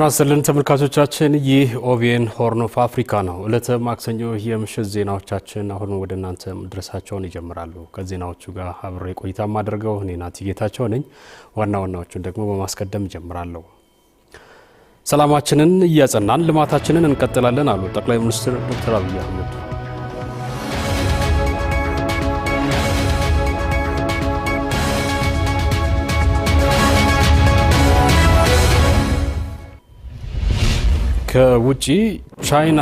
ጤና ይስጥልን ተመልካቾቻችን፣ ይህ ኦቢኤን ሆርን ኦፍ አፍሪካ ነው። እለተ ማክሰኞ የምሽት ዜናዎቻችን አሁን ወደ እናንተ መድረሳቸውን ይጀምራሉ። ከዜናዎቹ ጋር አብሬ ቆይታ ማድረገው እኔ ናቲ ጌታቸው ነኝ። ዋና ዋናዎቹን ደግሞ በማስቀደም ይጀምራለሁ። ሰላማችንን እያጸናን ልማታችንን እንቀጥላለን አሉ ጠቅላይ ሚኒስትር ዶክተር አብይ አህመድ ከውጪ ቻይና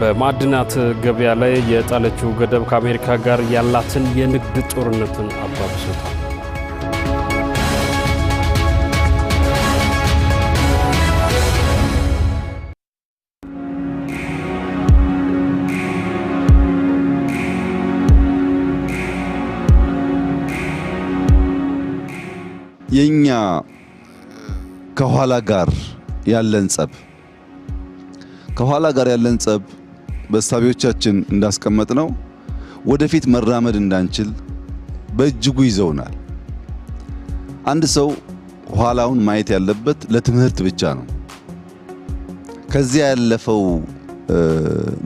በማዕድናት ገበያ ላይ የጣለችው ገደብ ከአሜሪካ ጋር ያላትን የንግድ ጦርነትን አባብሶታል። የእኛ ከኋላ ጋር ያለን ጸብ ከኋላ ጋር ያለን ጸብ በሳቢዎቻችን እንዳስቀመጥ ነው ወደፊት መራመድ እንዳንችል በእጅጉ ይዘውናል። አንድ ሰው ኋላውን ማየት ያለበት ለትምህርት ብቻ ነው። ከዚያ ያለፈው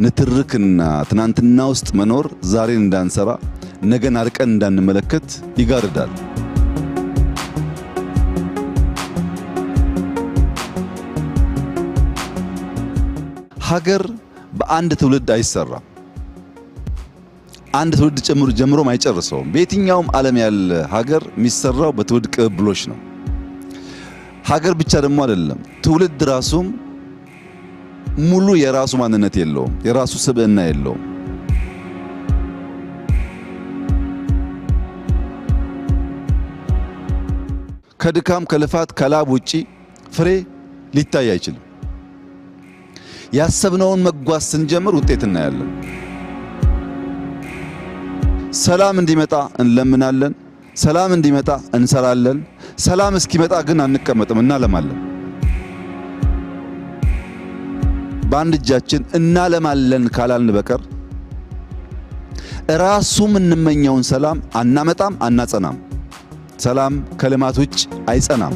ንትርክና ትናንትና ውስጥ መኖር ዛሬን እንዳንሰራ፣ ነገን አርቀን እንዳንመለከት ይጋርዳል። ሀገር በአንድ ትውልድ አይሰራም። አንድ ትውልድ ጀምሮ ጀምሮም አይጨርሰውም። በየትኛውም ዓለም ያለ ሀገር የሚሰራው በትውልድ ቅብብሎች ነው። ሀገር ብቻ ደግሞ አይደለም፣ ትውልድ ራሱም ሙሉ የራሱ ማንነት የለውም፣ የራሱ ስብዕና የለውም። ከድካም ከልፋት ከላብ ውጪ ፍሬ ሊታይ አይችልም። ያሰብነውን መጓዝ ስንጀምር ውጤት እናያለን። ሰላም እንዲመጣ እንለምናለን። ሰላም እንዲመጣ እንሰራለን። ሰላም እስኪመጣ ግን አንቀመጥም፣ እናለማለን። በአንድ እጃችን እናለማለን ካላልን በቀር እራሱ የምንመኘውን ሰላም አናመጣም፣ አናጸናም። ሰላም ከልማት ውጭ አይጸናም።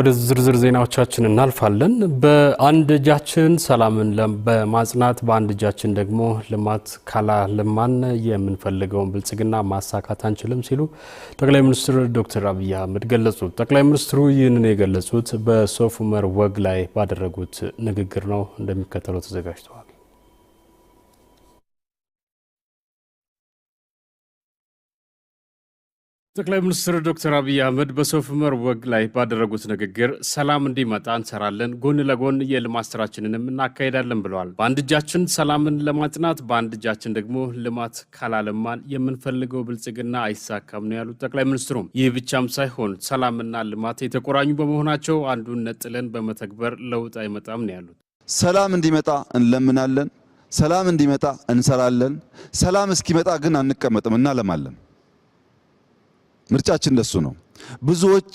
ወደ ዝርዝር ዜናዎቻችን እናልፋለን። በአንድ እጃችን ሰላምን በማጽናት በአንድ እጃችን ደግሞ ልማት ካላለማን የምንፈልገውን ብልጽግና ማሳካት አንችልም ሲሉ ጠቅላይ ሚኒስትር ዶክተር አብይ አህመድ ገለጹ። ጠቅላይ ሚኒስትሩ ይህንን የገለጹት በሶፍ ዑመር ወግ ላይ ባደረጉት ንግግር ነው። እንደሚከተለው ተዘጋጅተዋል። ጠቅላይ ሚኒስትር ዶክተር አብይ አህመድ በሶፍ ዑመር ወግ ላይ ባደረጉት ንግግር ሰላም እንዲመጣ እንሰራለን፣ ጎን ለጎን የልማት ስራችንንም እናካሄዳለን ብለዋል። በአንድ እጃችን ሰላምን ለማጽናት፣ በአንድ እጃችን ደግሞ ልማት ካላለማን የምንፈልገው ብልጽግና አይሳካም ነው ያሉት ጠቅላይ ሚኒስትሩም። ይህ ብቻም ሳይሆን ሰላምና ልማት የተቆራኙ በመሆናቸው አንዱን ነጥለን በመተግበር ለውጥ አይመጣም ነው ያሉት። ሰላም እንዲመጣ እንለምናለን፣ ሰላም እንዲመጣ እንሰራለን፣ ሰላም እስኪመጣ ግን አንቀመጥም፣ እናለማለን ምርጫችን እንደሱ ነው። ብዙዎች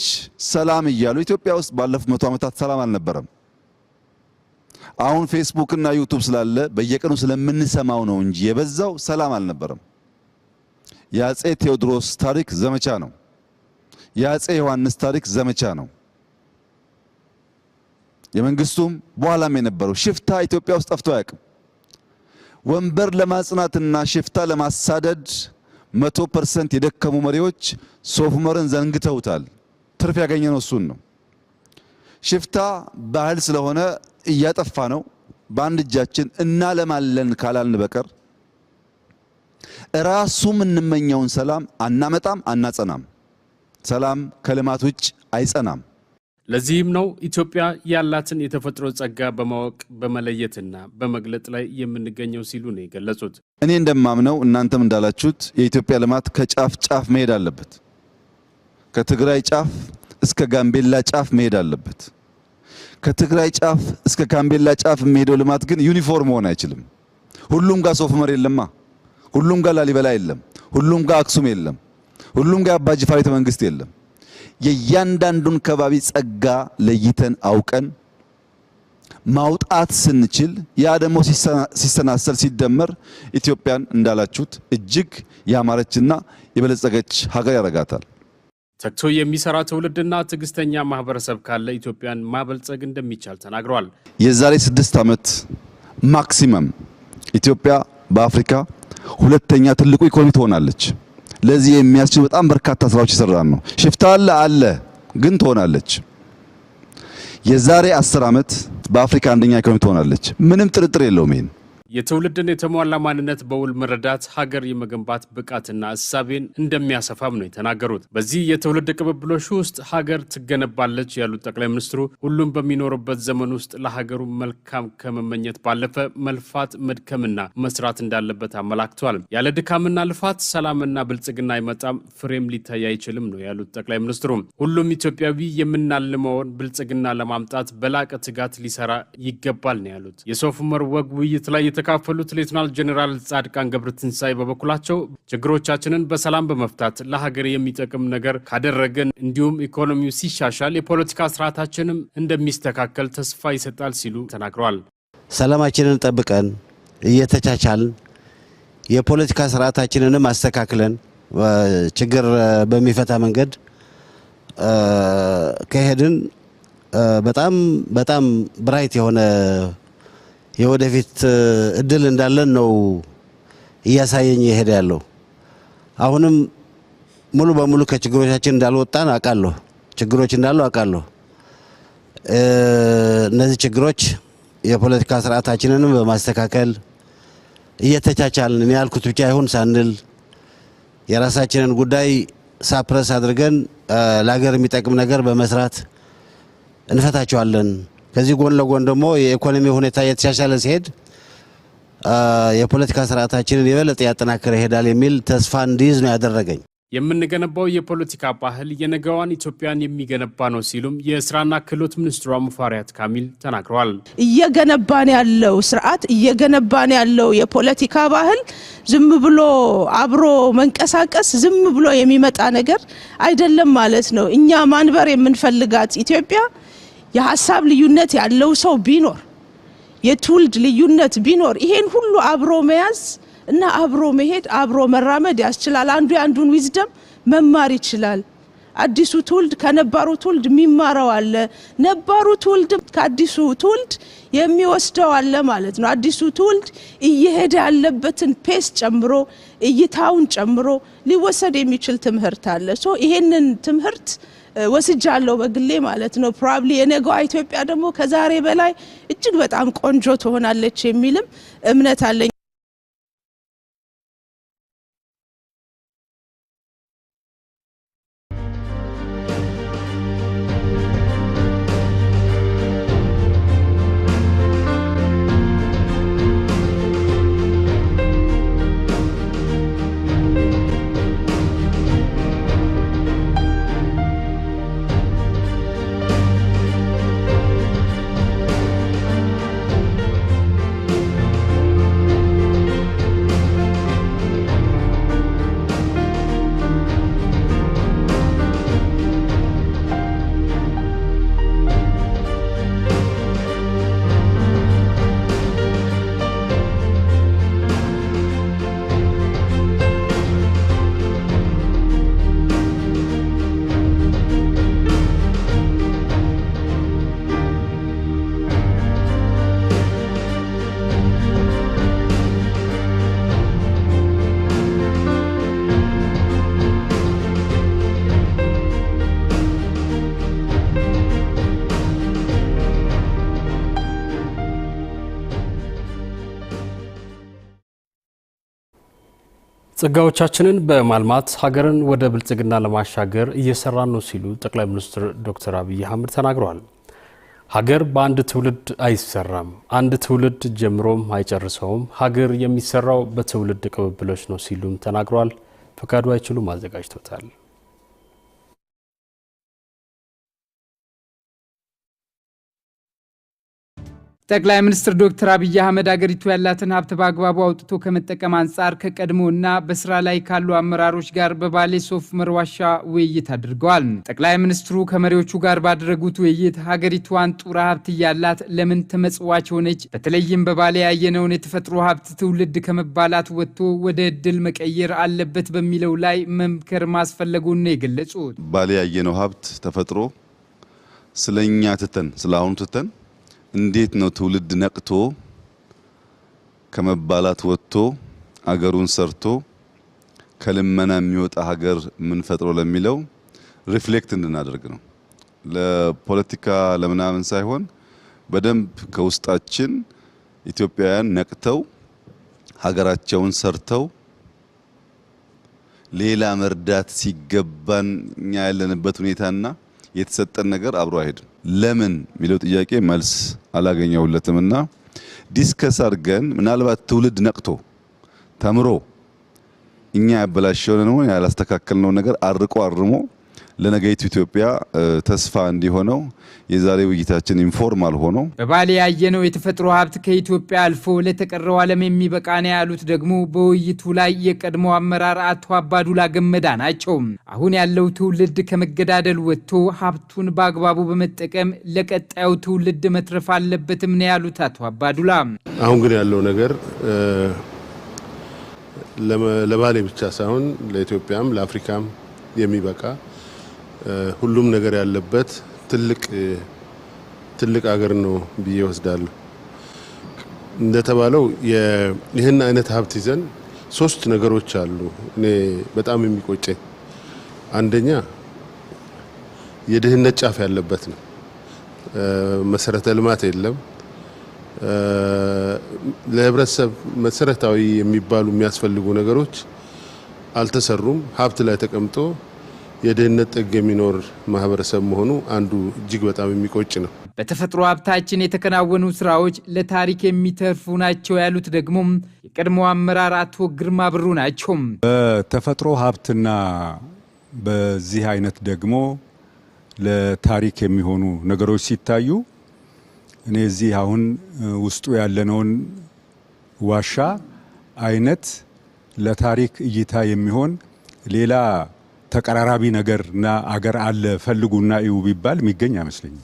ሰላም እያሉ ኢትዮጵያ ውስጥ ባለፉት መቶ ዓመታት ሰላም አልነበረም። አሁን ፌስቡክ እና ዩቱብ ስላለ በየቀኑ ስለምንሰማው ነው እንጂ የበዛው ሰላም አልነበረም። የአጼ ቴዎድሮስ ታሪክ ዘመቻ ነው። የአጼ ዮሐንስ ታሪክ ዘመቻ ነው። የመንግስቱም በኋላም የነበረው ሽፍታ ኢትዮጵያ ውስጥ ጠፍቶ አያውቅም። ወንበር ለማጽናትና ሽፍታ ለማሳደድ መቶ ፐርሰንት የደከሙ መሪዎች ሶፍ መርን ዘንግተውታል። ትርፍ ያገኘነው እሱን ነው። ሽፍታ ባህል ስለሆነ እያጠፋ ነው። በአንድ እጃችን እናለማለን ካላልን በቀር እራሱ የምንመኘውን ሰላም አናመጣም፣ አናጸናም። ሰላም ከልማት ውጭ አይጸናም። ለዚህም ነው ኢትዮጵያ ያላትን የተፈጥሮ ጸጋ በማወቅ በመለየትና በመግለጥ ላይ የምንገኘው ሲሉ ነው የገለጹት። እኔ እንደማምነው እናንተም እንዳላችሁት የኢትዮጵያ ልማት ከጫፍ ጫፍ መሄድ አለበት። ከትግራይ ጫፍ እስከ ጋምቤላ ጫፍ መሄድ አለበት። ከትግራይ ጫፍ እስከ ጋምቤላ ጫፍ የሚሄደው ልማት ግን ዩኒፎርም መሆን አይችልም። ሁሉም ጋር ሶፍ ዑመር የለማ፣ ሁሉም ጋር ላሊበላ የለም፣ ሁሉም ጋር አክሱም የለም፣ ሁሉም ጋር አባጅፋር ቤተ መንግስት የለም። የእያንዳንዱን ከባቢ ጸጋ ለይተን አውቀን ማውጣት ስንችል ያ ደግሞ ሲሰናሰል ሲደመር ኢትዮጵያን እንዳላችሁት እጅግ ያማረችና የበለጸገች ሀገር ያደርጋታል። ተግቶ የሚሰራ ትውልድና ትዕግስተኛ ማህበረሰብ ካለ ኢትዮጵያን ማበልጸግ እንደሚቻል ተናግረዋል። የዛሬ ስድስት ዓመት ማክሲመም ኢትዮጵያ በአፍሪካ ሁለተኛ ትልቁ ኢኮኖሚ ትሆናለች። ለዚህ የሚያስችል በጣም በርካታ ስራዎች ይሰራን ነው። ሽፍታ አለ አለ ግን ትሆናለች። የዛሬ አስር ዓመት በአፍሪካ አንደኛ ኢኮኖሚ ትሆናለች። ምንም ጥርጥር የለውም ይሄን የትውልድን የተሟላ ማንነት በውል መረዳት ሀገር የመገንባት ብቃትና እሳቤን እንደሚያሰፋም ነው የተናገሩት። በዚህ የትውልድ ቅብብሎሽ ውስጥ ሀገር ትገነባለች ያሉት ጠቅላይ ሚኒስትሩ ሁሉም በሚኖርበት ዘመን ውስጥ ለሀገሩ መልካም ከመመኘት ባለፈ መልፋት መድከምና መስራት እንዳለበት አመላክቷል። ያለ ድካምና ልፋት ሰላምና ብልጽግና አይመጣም፣ ፍሬም ሊታይ አይችልም ነው ያሉት ጠቅላይ ሚኒስትሩ ሁሉም ኢትዮጵያዊ የምናልመውን ብልጽግና ለማምጣት በላቀ ትጋት ሊሰራ ይገባል ነው ያሉት። የሶፍ ዑመር ወግ ውይይት ላይ የተካፈሉት ሌትናል ጄኔራል ጻድቃን ገብረትንሳኤ በበኩላቸው ችግሮቻችንን በሰላም በመፍታት ለሀገር የሚጠቅም ነገር ካደረገን እንዲሁም ኢኮኖሚው ሲሻሻል የፖለቲካ ስርዓታችንም እንደሚስተካከል ተስፋ ይሰጣል ሲሉ ተናግረዋል። ሰላማችንን ጠብቀን እየተቻቻልን የፖለቲካ ስርዓታችንንም አስተካክለን ችግር በሚፈታ መንገድ ከሄድን በጣም በጣም ብራይት የሆነ የወደፊት እድል እንዳለን ነው እያሳየኝ የሄደ ያለው። አሁንም ሙሉ በሙሉ ከችግሮቻችን እንዳልወጣን አውቃለሁ። ችግሮች እንዳሉ አውቃለሁ። እነዚህ ችግሮች የፖለቲካ ስርዓታችንንም በማስተካከል እየተቻቻልን ያልኩት ብቻ ይሁን ሳንል የራሳችንን ጉዳይ ሳፕረስ አድርገን ለሀገር የሚጠቅም ነገር በመስራት እንፈታቸዋለን። ከዚህ ጎን ለጎን ደግሞ የኢኮኖሚ ሁኔታ እየተሻሻለ ሲሄድ የፖለቲካ ስርዓታችንን የበለጠ ያጠናክረ ይሄዳል የሚል ተስፋ እንዲይዝ ነው ያደረገኝ። የምንገነባው የፖለቲካ ባህል የነገዋን ኢትዮጵያን የሚገነባ ነው ሲሉም የስራና ክህሎት ሚኒስትሯ ሙፈሪያት ካሚል ተናግረዋል። እየገነባን ያለው ስርዓት እየገነባን ያለው የፖለቲካ ባህል ዝም ብሎ አብሮ መንቀሳቀስ ዝም ብሎ የሚመጣ ነገር አይደለም ማለት ነው። እኛ ማንበር የምንፈልጋት ኢትዮጵያ የሀሳብ ልዩነት ያለው ሰው ቢኖር የትውልድ ልዩነት ቢኖር ይሄን ሁሉ አብሮ መያዝ እና አብሮ መሄድ አብሮ መራመድ ያስችላል። አንዱ የአንዱን ዊዝደም መማር ይችላል። አዲሱ ትውልድ ከነባሩ ትውልድ የሚማረው አለ፣ ነባሩ ትውልድ ከአዲሱ ትውልድ የሚወስደው አለ ማለት ነው። አዲሱ ትውልድ እየሄደ ያለበትን ፔስ ጨምሮ እይታውን ጨምሮ ሊወሰድ የሚችል ትምህርት አለ። ሶ ይሄንን ትምህርት ወስጃለሁ በግሌ ማለት ነው። ፕሮባብሊ የነገዋ ኢትዮጵያ ደግሞ ከዛሬ በላይ እጅግ በጣም ቆንጆ ትሆናለች የሚልም እምነት አለኝ። ጸጋዎቻችንን በማልማት ሀገርን ወደ ብልጽግና ለማሻገር እየሰራን ነው ሲሉ ጠቅላይ ሚኒስትር ዶክተር አብይ አህመድ ተናግረዋል። ሀገር በአንድ ትውልድ አይሰራም፣ አንድ ትውልድ ጀምሮም አይጨርሰውም። ሀገር የሚሰራው በትውልድ ቅብብሎች ነው ሲሉም ተናግረዋል። ፈቃዱ አይችሉም አዘጋጅቶታል። ጠቅላይ ሚኒስትር ዶክተር አብይ አህመድ አገሪቱ ያላትን ሀብት በአግባቡ አውጥቶ ከመጠቀም አንጻር ከቀድሞና በስራ ላይ ካሉ አመራሮች ጋር በባሌ ሶፍ መርዋሻ ውይይት አድርገዋል። ጠቅላይ ሚኒስትሩ ከመሪዎቹ ጋር ባደረጉት ውይይት ሀገሪቱ አንጡራ ሀብት እያላት ለምን ተመጽዋች ሆነች? በተለይም በባሌ ያየነውን የተፈጥሮ ሀብት ትውልድ ከመባላት ወጥቶ ወደ እድል መቀየር አለበት በሚለው ላይ መምከር ማስፈለጉን ነው የገለጹት። ባሌ ያየነው ሀብት ተፈጥሮ ስለኛ ትተን ስለአሁኑ ትተን እንዴት ነው ትውልድ ነቅቶ ከመባላት ወጥቶ አገሩን ሰርቶ ከልመና የሚወጣ ሀገር የምንፈጥሮ ለሚለው ሪፍሌክት እንድናደርግ ነው። ለፖለቲካ ለምናምን ሳይሆን በደንብ ከውስጣችን ኢትዮጵያውያን ነቅተው ሀገራቸውን ሰርተው ሌላ መርዳት ሲገባን እኛ ያለንበት ሁኔታና የተሰጠን ነገር አብሮ አይሄድም። ለምን የሚለው ጥያቄ መልስ አላገኘሁለትምና ዲስከስ አድርገን ምናልባት ትውልድ ነቅቶ ተምሮ እኛ ያበላሸውን ያላስተካከልነውን ነገር አርቆ አርሞ ለነገይቱ ኢትዮጵያ ተስፋ እንዲሆነው የዛሬ ውይይታችን ኢንፎርማል ሆኖ በባሌ ያየነው የተፈጥሮ ሀብት ከኢትዮጵያ አልፎ ለተቀረው ዓለም የሚበቃ ነው ያሉት ደግሞ በውይይቱ ላይ የቀድሞ አመራር አቶ አባዱላ ገመዳ ናቸው። አሁን ያለው ትውልድ ከመገዳደል ወጥቶ ሀብቱን በአግባቡ በመጠቀም ለቀጣዩ ትውልድ መትረፍ አለበትም ነው ያሉት አቶ አባዱላ። አሁን ግን ያለው ነገር ለባሌ ብቻ ሳይሆን ለኢትዮጵያም ለአፍሪካም የሚበቃ ሁሉም ነገር ያለበት ትልቅ ትልቅ አገር ነው ብዬ ወስዳለሁ። እንደተባለው ይህን አይነት ሀብት ይዘን ሶስት ነገሮች አሉ እኔ በጣም የሚቆጨኝ። አንደኛ የድህነት ጫፍ ያለበት ነው። መሰረተ ልማት የለም። ለህብረተሰብ መሰረታዊ የሚባሉ የሚያስፈልጉ ነገሮች አልተሰሩም። ሀብት ላይ ተቀምጦ የድህነት ጥግ የሚኖር ማህበረሰብ መሆኑ አንዱ እጅግ በጣም የሚቆጭ ነው። በተፈጥሮ ሀብታችን የተከናወኑ ስራዎች ለታሪክ የሚተርፉ ናቸው ያሉት ደግሞ የቀድሞ አመራር አቶ ግርማ ብሩ ናቸው። በተፈጥሮ ሀብትና በዚህ አይነት ደግሞ ለታሪክ የሚሆኑ ነገሮች ሲታዩ እኔ እዚህ አሁን ውስጡ ያለነውን ዋሻ አይነት ለታሪክ እይታ የሚሆን ሌላ ተቀራራቢ ነገርና አገር አለ ፈልጉና እዩ ቢባል የሚገኝ አይመስለኝም።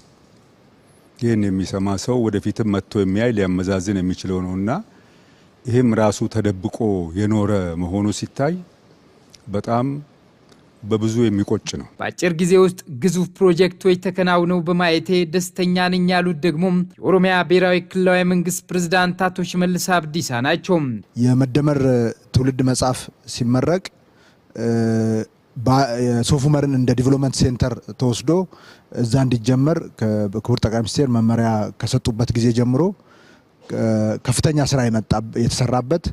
ይህን የሚሰማ ሰው ወደፊትም መጥቶ የሚያይ ሊያመዛዝን የሚችለው ነውና ይህም ራሱ ተደብቆ የኖረ መሆኑ ሲታይ በጣም በብዙ የሚቆጭ ነው። በአጭር ጊዜ ውስጥ ግዙፍ ፕሮጀክቶች ተከናውነው በማየቴ ደስተኛ ነኝ ያሉት ደግሞ የኦሮሚያ ብሔራዊ ክልላዊ መንግስት ፕሬዝዳንት አቶ ሽመልስ አብዲሳ ናቸው። የመደመር ትውልድ መጽሐፍ ሲመረቅ ሶፍ ዑመርን እንደ ዲቨሎፕመንት ሴንተር ተወስዶ እዛ እንዲጀመር ክቡር ጠቅላይ ሚኒስቴር መመሪያ ከሰጡበት ጊዜ ጀምሮ ከፍተኛ ስራ የተሰራበት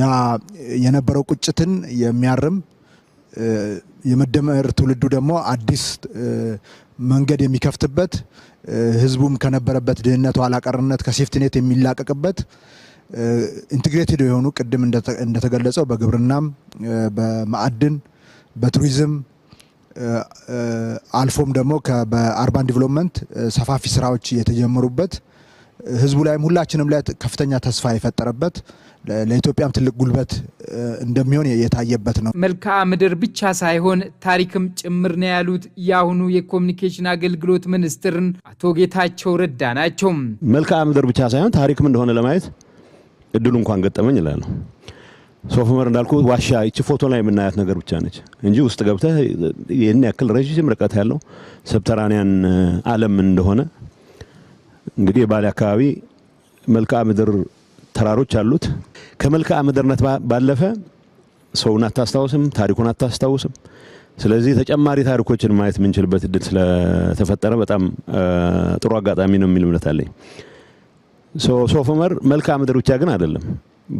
ያ የነበረው ቁጭትን የሚያርም የመደመር ትውልዱ ደግሞ አዲስ መንገድ የሚከፍትበት ህዝቡም ከነበረበት ድህነት፣ ኋላቀርነት ከሴፍትኔት የሚላቀቅበት ኢንቴግሬትድ የሆኑ ቅድም እንደተገለጸው በግብርናም በማዕድን በቱሪዝም አልፎም ደግሞ በአርባን ዲቨሎፕመንት ሰፋፊ ስራዎች የተጀመሩበት ህዝቡ ላይም ሁላችንም ላይ ከፍተኛ ተስፋ የፈጠረበት ለኢትዮጵያም ትልቅ ጉልበት እንደሚሆን የታየበት ነው። መልክዓ ምድር ብቻ ሳይሆን ታሪክም ጭምር ነው ያሉት የአሁኑ የኮሚኒኬሽን አገልግሎት ሚኒስትርን አቶ ጌታቸው ረዳ ናቸው። መልክዓ ምድር ብቻ ሳይሆን ታሪክም እንደሆነ ለማየት እድሉ እንኳን ገጠመኝ ይላል ነው ሶፍ ዑመር እንዳልኩ ዋሻ ይቺ ፎቶ ላይ የምናያት ነገር ብቻ ነች እንጂ ውስጥ ገብተህ ይህን ያክል ረዥም ርቀት ያለው ሰብተራኒያን አለም እንደሆነ እንግዲህ የባሌ አካባቢ መልክዓ ምድር ተራሮች አሉት። ከመልክዓ ምድርነት ባለፈ ሰውን አታስታውስም፣ ታሪኩን አታስታውስም። ስለዚህ ተጨማሪ ታሪኮችን ማየት የምንችልበት እድል ስለተፈጠረ በጣም ጥሩ አጋጣሚ ነው የሚል እምነት አለኝ። ሶፍ ዑመር መልክዓ ምድር ብቻ ግን አይደለም።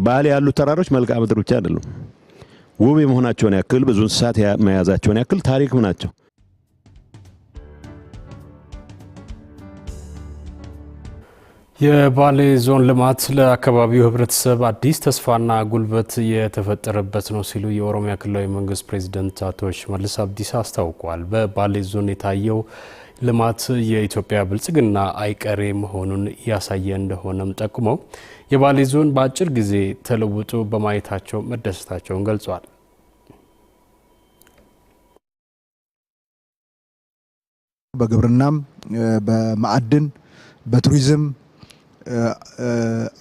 ባሌ ያሉት ተራሮች መልክዓ ምድር ብቻ አይደሉም። ውብ የመሆናቸውን ያክል ብዙ እንስሳት መያዛቸውን ያክል ታሪክም ናቸው። የባሌ ዞን ልማት ለአካባቢው ህብረተሰብ አዲስ ተስፋና ጉልበት የተፈጠረበት ነው ሲሉ የኦሮሚያ ክልላዊ መንግስት ፕሬዚደንት አቶ ሽመልስ አብዲሳ አስታውቋል። በባሌ ዞን የታየው ልማት የኢትዮጵያ ብልጽግና አይቀሬ መሆኑን ያሳየ እንደሆነም ጠቁመው የባሌ ዞን በአጭር ጊዜ ተለውጦ በማየታቸው መደሰታቸውን ገልጿል። በግብርናም፣ በማዕድን፣ በቱሪዝም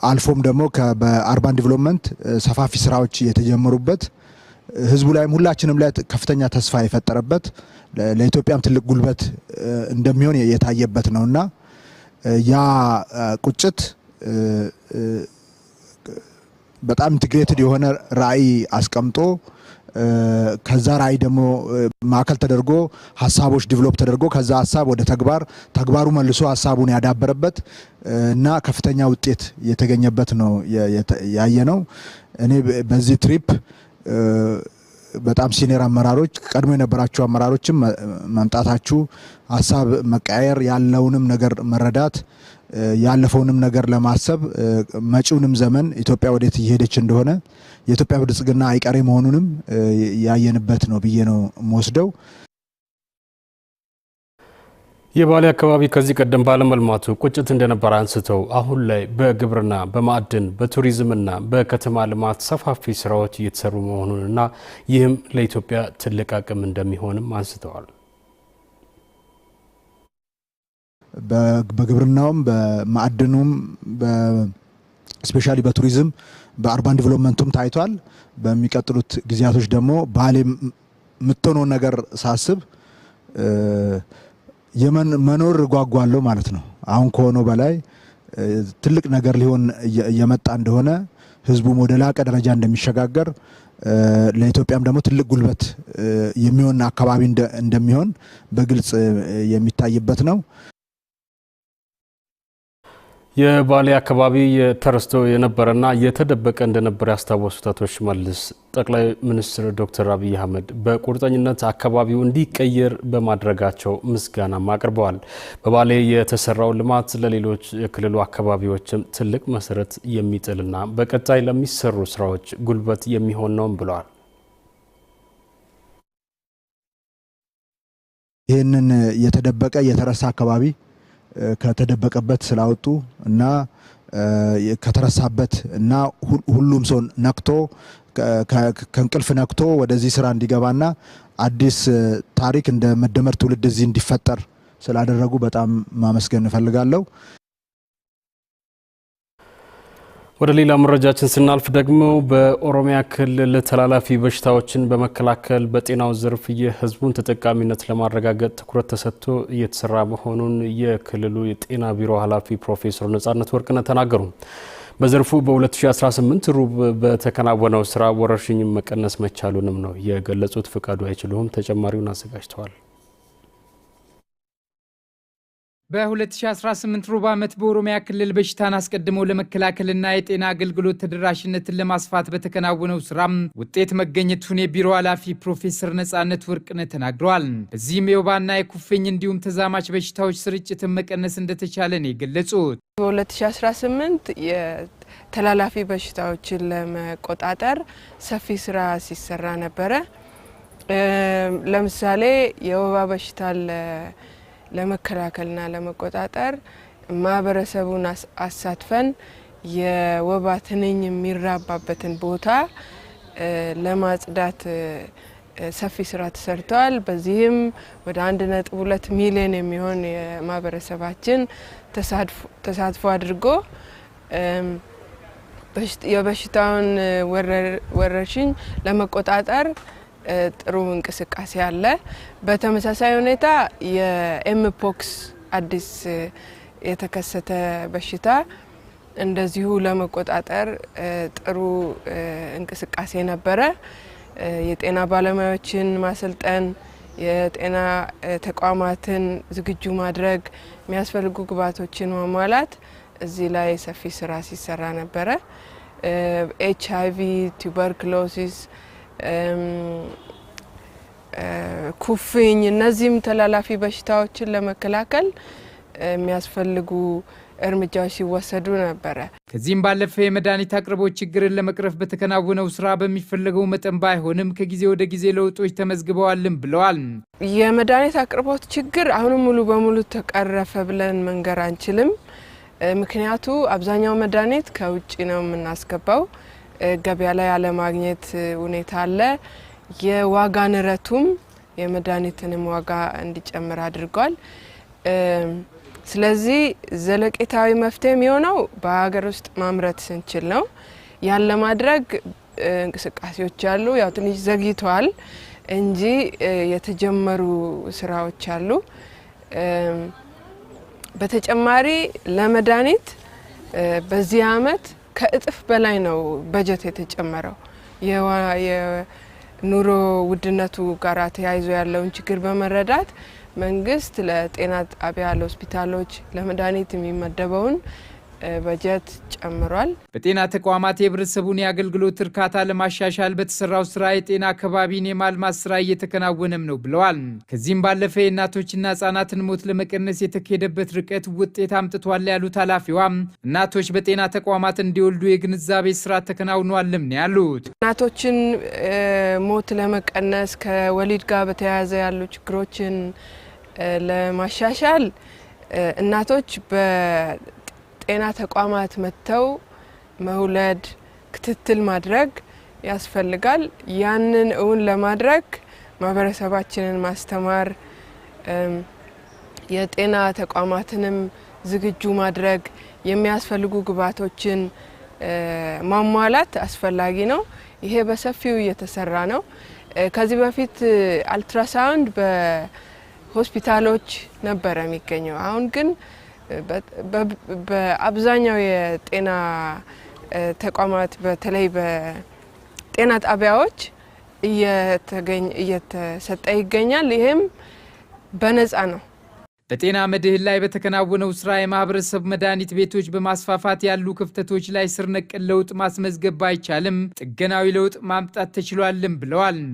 አልፎም ደግሞ በአርባን ዲቨሎፕመንት ሰፋፊ ስራዎች የተጀመሩበት ህዝቡ ላይም ሁላችንም ላይ ከፍተኛ ተስፋ የፈጠረበት ለኢትዮጵያም ትልቅ ጉልበት እንደሚሆን የታየበት ነውና ያ ቁጭት በጣም ኢንትግሬትድ የሆነ ራዕይ አስቀምጦ ከዛ ራዕይ ደግሞ ማዕከል ተደርጎ ሀሳቦች ዲቨሎፕ ተደርጎ ከዛ ሀሳብ ወደ ተግባር ተግባሩ መልሶ ሀሳቡን ያዳበረበት እና ከፍተኛ ውጤት የተገኘበት ነው ያየ ነው። እኔ በዚህ ትሪፕ በጣም ሲኒየር አመራሮች ቀድሞ የነበራችሁ አመራሮችም መምጣታችሁ ሀሳብ መቀያየር ያለውንም ነገር መረዳት ያለፈውንም ነገር ለማሰብ መጪውንም ዘመን ኢትዮጵያ ወዴት እየሄደች እንደሆነ የኢትዮጵያ ብልጽግና አይቀሬ መሆኑንም ያየንበት ነው ብዬ ነው የምወስደው። የባሌ አካባቢ ከዚህ ቀደም ባለመልማቱ ቁጭት እንደነበረ አንስተው አሁን ላይ በግብርና፣ በማዕድን፣ በቱሪዝምና በከተማ ልማት ሰፋፊ ስራዎች እየተሰሩ መሆኑንና ይህም ለኢትዮጵያ ትልቅ አቅም እንደሚሆንም አንስተዋል። በግብርናውም በማዕድኑም ስፔሻሊ በቱሪዝም በአርባን ዲቨሎፕመንቱም ታይቷል። በሚቀጥሉት ጊዜያቶች ደግሞ ባሌ የምትሆነውን ነገር ሳስብ የመኖር ጓጓለሁ ማለት ነው። አሁን ከሆነው በላይ ትልቅ ነገር ሊሆን እየመጣ እንደሆነ ህዝቡም ወደ ላቀ ደረጃ እንደሚሸጋገር ለኢትዮጵያም ደግሞ ትልቅ ጉልበት የሚሆን አካባቢ እንደሚሆን በግልጽ የሚታይበት ነው። የባሌ አካባቢ ተረስቶ የነበረና የተደበቀ እንደነበረ ያስታወሱት አቶ ሽመልስ ጠቅላይ ሚኒስትር ዶክተር አብይ አህመድ በቁርጠኝነት አካባቢው እንዲቀየር በማድረጋቸው ምስጋናም አቅርበዋል። በባሌ የተሰራው ልማት ለሌሎች የክልሉ አካባቢዎችም ትልቅ መሰረት የሚጥልና በቀጣይ ለሚሰሩ ስራዎች ጉልበት የሚሆን ነውም ብለዋል። ይህንን የተደበቀ የተረሳ አካባቢ ከተደበቀበት ስላወጡ እና ከተረሳበት እና ሁሉም ሰው ነክቶ ከእንቅልፍ ነክቶ ወደዚህ ስራ እንዲገባና አዲስ ታሪክ እንደ መደመር ትውልድ እዚህ እንዲፈጠር ስላደረጉ በጣም ማመስገን እፈልጋለሁ። ወደ ሌላ መረጃችን ስናልፍ ደግሞ በኦሮሚያ ክልል ተላላፊ በሽታዎችን በመከላከል በጤናው ዘርፍ የህዝቡን ተጠቃሚነት ለማረጋገጥ ትኩረት ተሰጥቶ እየተሰራ መሆኑን የክልሉ የጤና ቢሮ ኃላፊ ፕሮፌሰር ነጻነት ወርቅነህ ተናገሩ። በዘርፉ በ2018 ሩብ በተከናወነው ስራ ወረርሽኝ መቀነስ መቻሉንም ነው የገለጹት። ፍቃዱ አይችሉም ተጨማሪውን አዘጋጅተዋል። በ2018 ሩብ ዓመት በኦሮሚያ ክልል በሽታን አስቀድሞ ለመከላከልና የጤና አገልግሎት ተደራሽነትን ለማስፋት በተከናወነው ስራም ውጤት መገኘቱን የቢሮ ኃላፊ ፕሮፌሰር ነጻነት ወርቅነ ተናግረዋል። በዚህም የወባና የኩፍኝ እንዲሁም ተዛማች በሽታዎች ስርጭትን መቀነስ እንደተቻለ ነው የገለጹት። በ2018 የተላላፊ በሽታዎችን ለመቆጣጠር ሰፊ ስራ ሲሰራ ነበረ። ለምሳሌ የወባ በሽታ ለመከላከልና ለመቆጣጠር ማህበረሰቡን አሳትፈን የወባ ትንኝ የሚራባበትን ቦታ ለማጽዳት ሰፊ ስራ ተሰርተዋል። በዚህም ወደ አንድ ነጥብ ሁለት ሚሊዮን የሚሆን የማህበረሰባችን ተሳትፎ አድርጎ የበሽታውን ወረርሽኝ ለመቆጣጠር ጥሩ እንቅስቃሴ አለ። በተመሳሳይ ሁኔታ የኤምፖክስ አዲስ የተከሰተ በሽታ እንደዚሁ ለመቆጣጠር ጥሩ እንቅስቃሴ ነበረ። የጤና ባለሙያዎችን ማሰልጠን፣ የጤና ተቋማትን ዝግጁ ማድረግ፣ የሚያስፈልጉ ግብዓቶችን ማሟላት እዚህ ላይ ሰፊ ስራ ሲሰራ ነበረ። ኤች አይቪ ቱበርክሎሲስ ኩፍኝ፣ እነዚህም ተላላፊ በሽታዎችን ለመከላከል የሚያስፈልጉ እርምጃዎች ሲወሰዱ ነበረ። ከዚህም ባለፈ የመድኃኒት አቅርቦት ችግርን ለመቅረፍ በተከናወነው ስራ በሚፈለገው መጠን ባይሆንም ከጊዜ ወደ ጊዜ ለውጦች ተመዝግበዋልም ብለዋል። የመድኃኒት አቅርቦት ችግር አሁንም ሙሉ በሙሉ ተቀረፈ ብለን መንገር አንችልም። ምክንያቱ አብዛኛው መድኃኒት ከውጭ ነው የምናስገባው። ገበያ ላይ ያለማግኘት ሁኔታ አለ። የዋጋ ንረቱም የመድኃኒትንም ዋጋ እንዲጨምር አድርጓል። ስለዚህ ዘለቄታዊ መፍትሄ የሚሆነው በሀገር ውስጥ ማምረት ስንችል ነው። ያን ለማድረግ እንቅስቃሴዎች አሉ። ያው ትንሽ ዘግይተዋል እንጂ የተጀመሩ ስራዎች አሉ። በተጨማሪ ለመድኃኒት በዚህ አመት ከእጥፍ በላይ ነው በጀት የተጨመረው። የኑሮ ውድነቱ ጋር ተያይዞ ያለውን ችግር በመረዳት መንግስት ለጤና ጣቢያ፣ ለሆስፒታሎች፣ ለመድኃኒት የሚመደበውን በጀት ጨምሯል። በጤና ተቋማት የህብረተሰቡን የአገልግሎት እርካታ ለማሻሻል በተሰራው ስራ የጤና አካባቢን የማልማት ስራ እየተከናወነም ነው ብለዋል። ከዚህም ባለፈ የእናቶችና ህጻናትን ሞት ለመቀነስ የተካሄደበት ርቀት ውጤት አምጥቷል ያሉት ኃላፊዋ እናቶች በጤና ተቋማት እንዲወልዱ የግንዛቤ ስራ ተከናውኗልም ነው ያሉት። እናቶችን ሞት ለመቀነስ ከወሊድ ጋር በተያያዘ ያሉ ችግሮችን ለማሻሻል እናቶች ጤና ተቋማት መጥተው መውለድ፣ ክትትል ማድረግ ያስፈልጋል። ያንን እውን ለማድረግ ማህበረሰባችንን ማስተማር፣ የጤና ተቋማትንም ዝግጁ ማድረግ፣ የሚያስፈልጉ ግብዓቶችን ማሟላት አስፈላጊ ነው። ይሄ በሰፊው እየተሰራ ነው። ከዚህ በፊት አልትራሳውንድ በሆስፒታሎች ነበረ የሚገኘው። አሁን ግን በአብዛኛው የጤና ተቋማት በተለይ በጤና ጣቢያዎች እየተሰጠ ይገኛል። ይህም በነፃ ነው። በጤና መድህን ላይ በተከናወነው ስራ የማህበረሰብ መድኃኒት ቤቶች በማስፋፋት ያሉ ክፍተቶች ላይ ስር ነቀል ለውጥ ማስመዝገብ ባይቻልም ጥገናዊ ለውጥ ማምጣት ተችሏልም ብለዋል።